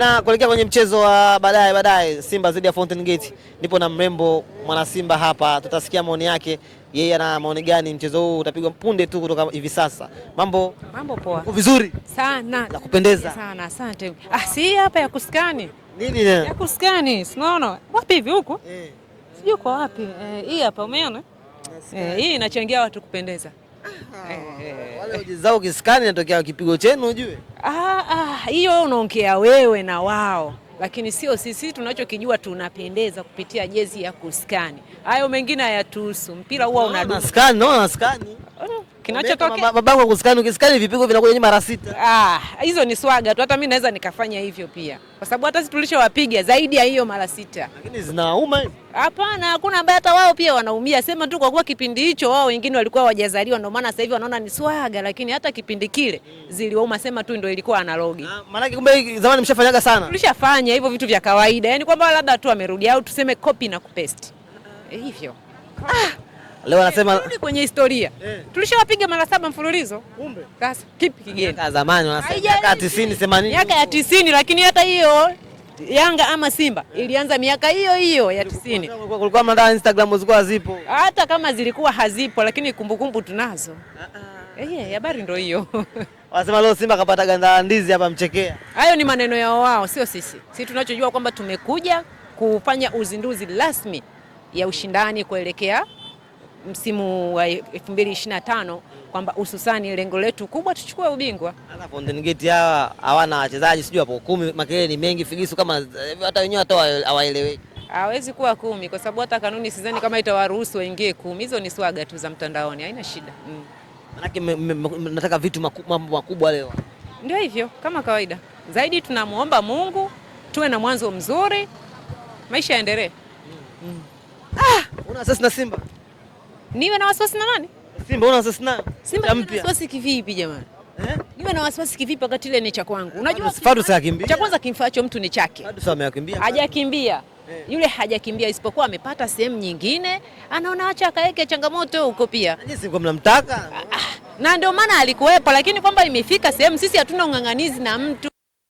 Na kuelekea kwenye mchezo wa baadaye baadaye Simba dhidi ya Fountain Gate, nipo na mrembo mwana Simba hapa, tutasikia maoni yake yeye ana maoni gani. Mchezo huu utapigwa punde tu kutoka hivi sasa. Mambo mambo poa, vizuri sana, la kupendeza sana, asante. Ah, si hapa ya kusikani nini na ya kusikani, sinaona wapi hivi huko eh, sijui kwa wapi eh, hii hapa umeona eh, hii inachangia watu kupendeza. Eh, eh. Wale wajezao ukisikani natokea kipigo chenu ujue. Ah, ah, ah, unaongea wewe na wao lakini sio sisi. Tunachokijua tunapendeza kupitia jezi ya kuskani, hayo mengine hayatuhusu. Mpira huwa ah, unaskani, naona skani Kinachotokea babangu kusikani, ukisikani vipigo vinakuja nyuma mara sita. Ah, hizo ni swaga tu, hata mimi naweza nikafanya hivyo pia, kwa sababu hata sisi tulishowapiga zaidi ya hiyo mara sita, lakini zinauma. Hapana, hakuna ambaye, hata wao pia wanaumia. Sema tu kwa kuwa kipindi hicho wao wengine walikuwa wajazaliwa, ndio maana sasa hivi wanaona ni swaga, lakini hata kipindi kile ziliwauma. Sema tu ndio ilikuwa analogi. Ah, maana yake kumbe zamani mshafanyaga sana, tulishafanya hivyo vitu vya kawaida, yani kwamba labda tu amerudi au tuseme copy na kupaste hivyo ah. Leo anasema rudi kwenye historia. Eh. Tulishawapiga mara saba mfululizo. Kumbe. Sasa kipi kigeni? Miaka zamani wanasema miaka 90 80. Miaka ya 90 lakini hata hiyo Yanga ama Simba eh. ilianza miaka hiyo hiyo ya 90. Kulikuwa mnadai Instagram zilikuwa hazipo. Hata kama zilikuwa hazipo lakini kumbukumbu tunazo. Ah, ah. Eh, eh, habari ndio hiyo. Wanasema leo Simba kapata ganda la ndizi hapa mchekea. Hayo ni maneno yao wao, sio sisi. Sisi tunachojua kwamba tumekuja kufanya uzinduzi rasmi ya ushindani kuelekea msimu wa 2025 kwamba hususani lengo letu kubwa tuchukue ubingwa. Hata Fountain Gate hawa hawana wachezaji sijui hapo kumi, makelele ni mengi, figisu kama eh, hata wenyewe hata hawaeleweki. Hawezi kuwa kumi kwa sababu hata kanuni sidhani kama itawaruhusu waingie kumi. Hizo ni swaga tu za mtandaoni, haina shida. Mm. Manake nataka vitu mambo makubwa leo. Ndio hivyo kama kawaida. Zaidi tunamwomba Mungu tuwe na mwanzo mzuri, maisha yaendelee. Mm. mm. Ah, una sasa na Simba niwe na wasiwasi na nani? Simba una wasiwasi na Simba mpya. Wasiwasi kivipi jamani? Eh? Niwe na wasiwasi kivipi wakati ile ni cha kwangu? Unajua Fadu sasa kimbia. Cha kwanza kimfaacho mtu ni chake. Fadu sasa amekimbia. Hajakimbia. Eh. Yule hajakimbia isipokuwa amepata sehemu nyingine, anaona acha akaeke changamoto huko pia. Nyinyi mko mnamtaka. Ah, ah. Na ndio maana alikuwepo, lakini kwamba imefika sehemu sisi hatuna ung'ang'anizi na mtu.